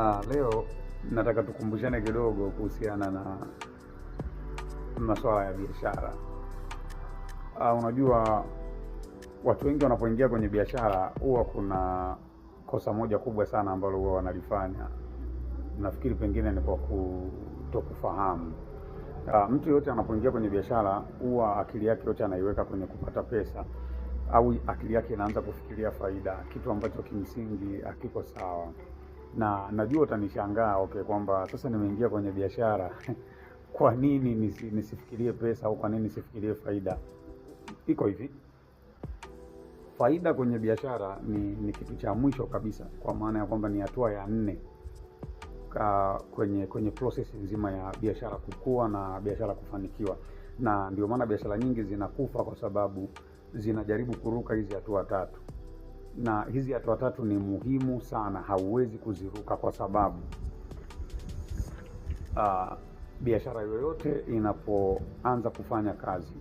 Ah, leo nataka tukumbushane kidogo kuhusiana na masuala ya biashara. Ah, unajua watu wengi wanapoingia kwenye biashara huwa kuna kosa moja kubwa sana ambalo huwa wanalifanya, nafikiri pengine ni kwa kutokufahamu. Ah, mtu yoyote anapoingia kwenye biashara huwa akili yake yote anaiweka kwenye kupata pesa au akili yake inaanza kufikiria faida, kitu ambacho kimsingi hakiko sawa na najua utanishangaa okay, kwamba sasa nimeingia kwenye biashara kwa nini nisi, nisifikirie pesa au kwa nini nisifikirie faida? Iko hivi, faida kwenye biashara ni, ni kitu cha mwisho kabisa, kwa maana ya kwamba ni hatua ya nne ka kwenye kwenye process nzima ya biashara kukua na biashara kufanikiwa, na ndio maana biashara nyingi zinakufa kwa sababu zinajaribu kuruka hizi hatua tatu na hizi hatua tatu ni muhimu sana, hauwezi kuziruka kwa sababu uh, biashara yoyote inapoanza kufanya kazi,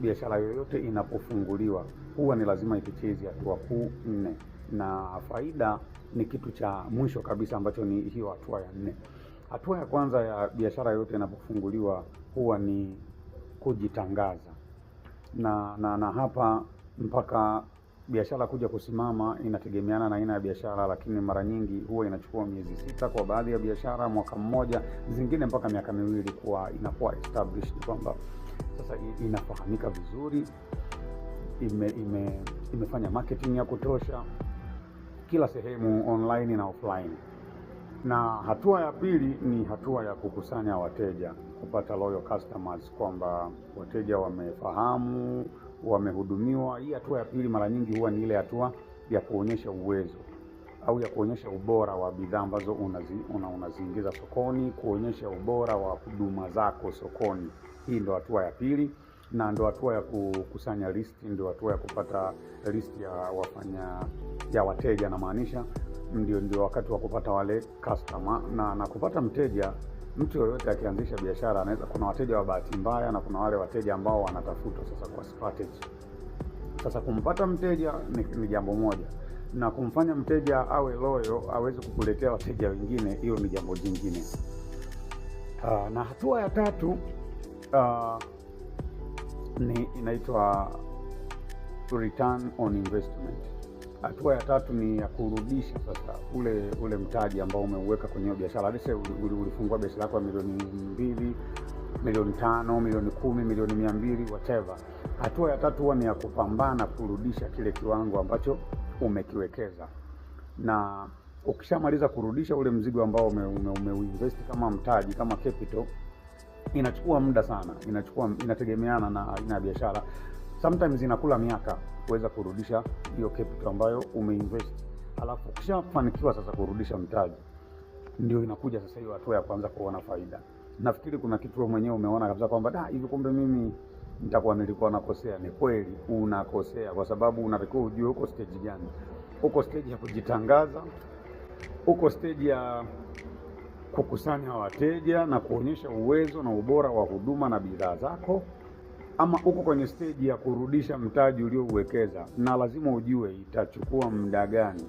biashara yoyote inapofunguliwa huwa ni lazima ipitie hizi hatua kuu nne, na faida ni kitu cha mwisho kabisa ambacho ni hiyo hatua ya nne. Hatua ya kwanza ya biashara yoyote inapofunguliwa huwa ni kujitangaza na, na, na hapa mpaka biashara kuja kusimama inategemeana na aina ya biashara, lakini mara nyingi huwa inachukua miezi sita kwa baadhi ya biashara, mwaka mmoja, zingine mpaka miaka miwili, kuwa inakuwa established kwamba sasa inafahamika vizuri, ime, ime, imefanya marketing ya kutosha kila sehemu online na offline. Na hatua ya pili ni hatua ya kukusanya wateja, kupata loyal customers, kwamba wateja wamefahamu wamehudumiwa. Hii hatua ya pili mara nyingi huwa ni ile hatua ya kuonyesha uwezo au ya kuonyesha ubora wa bidhaa ambazo unaziingiza una sokoni, kuonyesha ubora wa huduma zako sokoni. Hii ndo hatua ya pili na ndo hatua ya kukusanya listi, ndo hatua ya kupata listi ya wafanya ya wateja, namaanisha ndio ndio wakati wa kupata wale customer na, na kupata mteja mtu yoyote akianzisha biashara anaweza, kuna wateja wa bahati mbaya na kuna wale wateja ambao wanatafutwa sasa kwa strategy. Sasa kumpata mteja ni, ni jambo moja na kumfanya mteja awe loyo aweze kukuletea wateja wengine, hiyo ni jambo jingine. Uh, na hatua ya tatu uh, ni inaitwa return on investment. Hatua ya tatu ni ya kurudisha sasa ule ule mtaji ambao umeuweka kwenye biashara. Hadi ulifungua biashara yako ya milioni mbili, milioni tano, milioni kumi, milioni mia mbili, whatever. Hatua ya tatu huwa ni ya kupambana kurudisha kile kiwango ambacho umekiwekeza, na ukishamaliza kurudisha ule mzigo ambao umeuinvest ume, ume kama mtaji kama capital, inachukua muda sana, inachukua inategemeana na aina ya biashara, sometimes inakula miaka kuweza kurudisha hiyo capital ambayo umeinvest. Alafu ukishafanikiwa sasa kurudisha mtaji, ndio inakuja sasa hiyo hatua ya kwanza kuona faida. Nafikiri kuna kitu wewe mwenyewe umeona kabisa kwamba da, ah, hivi kumbe mimi nitakuwa nilikuwa nakosea. Ni kweli unakosea, kwa sababu unatakiwa ujue uko stage gani. Uko stage ya kujitangaza, uko stage ya kukusanya wateja na kuonyesha uwezo na ubora wa huduma na bidhaa zako ama uko kwenye steji ya kurudisha mtaji uliouwekeza, na lazima ujue itachukua muda gani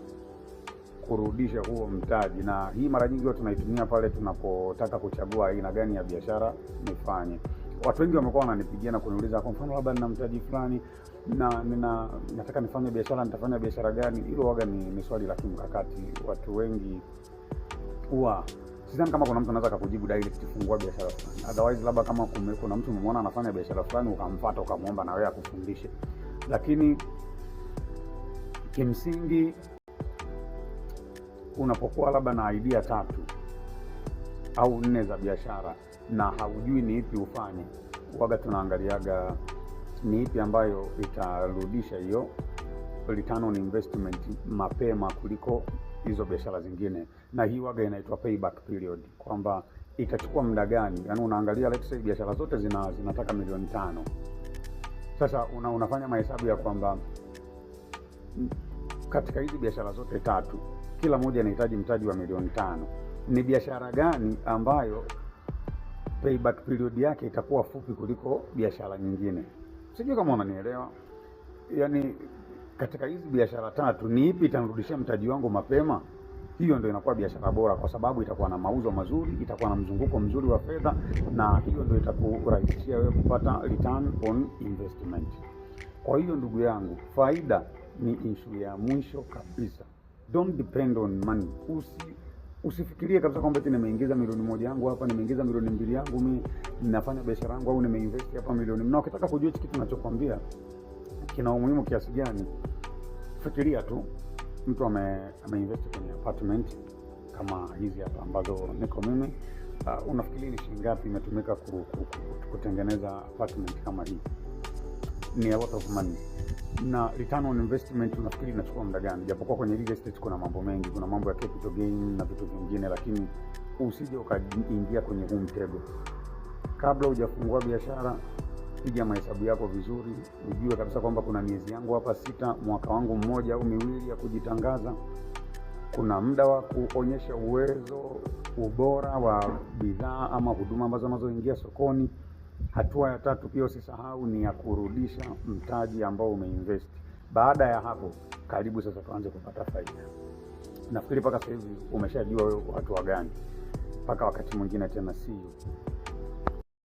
kurudisha huo mtaji. Na hii mara nyingi huwa tunaitumia pale tunapotaka kuchagua aina gani ya biashara nifanye. Watu wengi wamekuwa wananipigia na kuniuliza, kwa mfano, labda nina mtaji fulani na nina nataka nifanye biashara, nitafanya biashara gani? Hilo waga ni, ni swali la kimkakati. Watu wengi huwa sidhani kama kuna mtu anaweza kukujibu direct kufungua biashara fulani. Otherwise labda kama kume, kuna mtu umemwona anafanya biashara fulani ukamfuata ukamwomba na wewe akufundishe, lakini kimsingi unapokuwa labda na idea tatu au nne za biashara na haujui ni ipi ufanye, waga tunaangaliaga ni ipi ambayo itarudisha hiyo return on investment mapema kuliko hizo biashara zingine, na hii waga inaitwa payback period, kwamba itachukua muda gani. Yani unaangalia let's say biashara zote zina, zinataka milioni tano. Sasa una, unafanya mahesabu ya kwamba katika hizi biashara zote tatu kila moja inahitaji mtaji wa milioni tano. Ni biashara gani ambayo payback period yake itakuwa fupi kuliko biashara nyingine? Sijui kama unanielewa yani katika hizi biashara tatu ni ipi itanirudishia mtaji wangu mapema? Hiyo ndio inakuwa biashara bora, kwa sababu itakuwa na mauzo mazuri, itakuwa na mzunguko mzuri wa fedha, na hiyo ndio itakurahisishia wewe kupata return on investment. Kwa hiyo ndugu yangu, faida ni ishu ya mwisho kabisa. Don't depend on money. Usi, usifikirie kabisa kwamba ti nimeingiza milioni moja yangu hapa, nimeingiza milioni mbili yangu, mimi ninafanya biashara yangu, au nimeinvest hapa milioni. Na ukitaka kujua hiki kitu ninachokwambia kina umuhimu kiasi gani? Fikiria tu mtu ameinvest ame kwenye apartment kama hizi hapa ambazo niko mimi uh, ah, unafikiria ni shilingi ngapi imetumika kutengeneza apartment kama hii? Ni a lot of money na return on investment unafikiri inachukua muda gani? Japokuwa kwenye real estate kuna mambo mengi, kuna mambo ya capital gain na vitu vingine, lakini usije ukaingia kwenye huu mtego kabla hujafungua biashara piga mahesabu yako vizuri, ujue kabisa kwamba kuna miezi yangu hapa sita, mwaka wangu mmoja au miwili ya kujitangaza. Kuna muda wa kuonyesha uwezo, ubora wa bidhaa ama huduma ambazo unazoingia sokoni. Hatua ya tatu pia usisahau ni ya kurudisha mtaji ambao umeinvest. Baada ya hapo, karibu sasa tuanze kupata faida. Nafikiri mpaka sasa hivi umeshajua wewe watu wa gani. Mpaka wakati mwingine tena, see you.